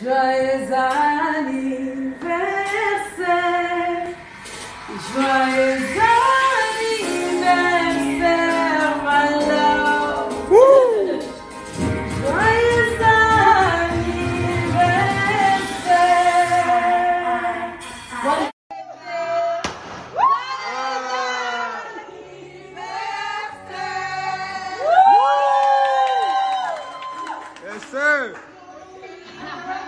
Joyeux anniversaire, joyeux anniversaire, my love. Woo! Joyeux anniversaire. Bon Yes, sir. Yeah.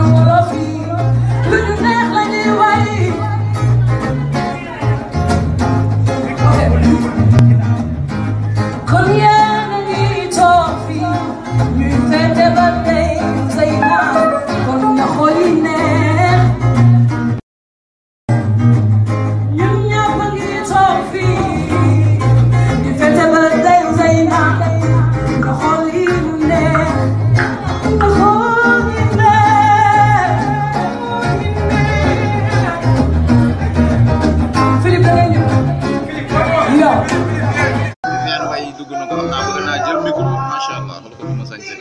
xam naa bëgg naa jël micro macha allah xool ko ma sañ see.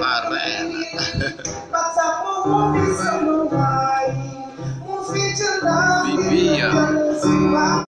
waaw rëy na.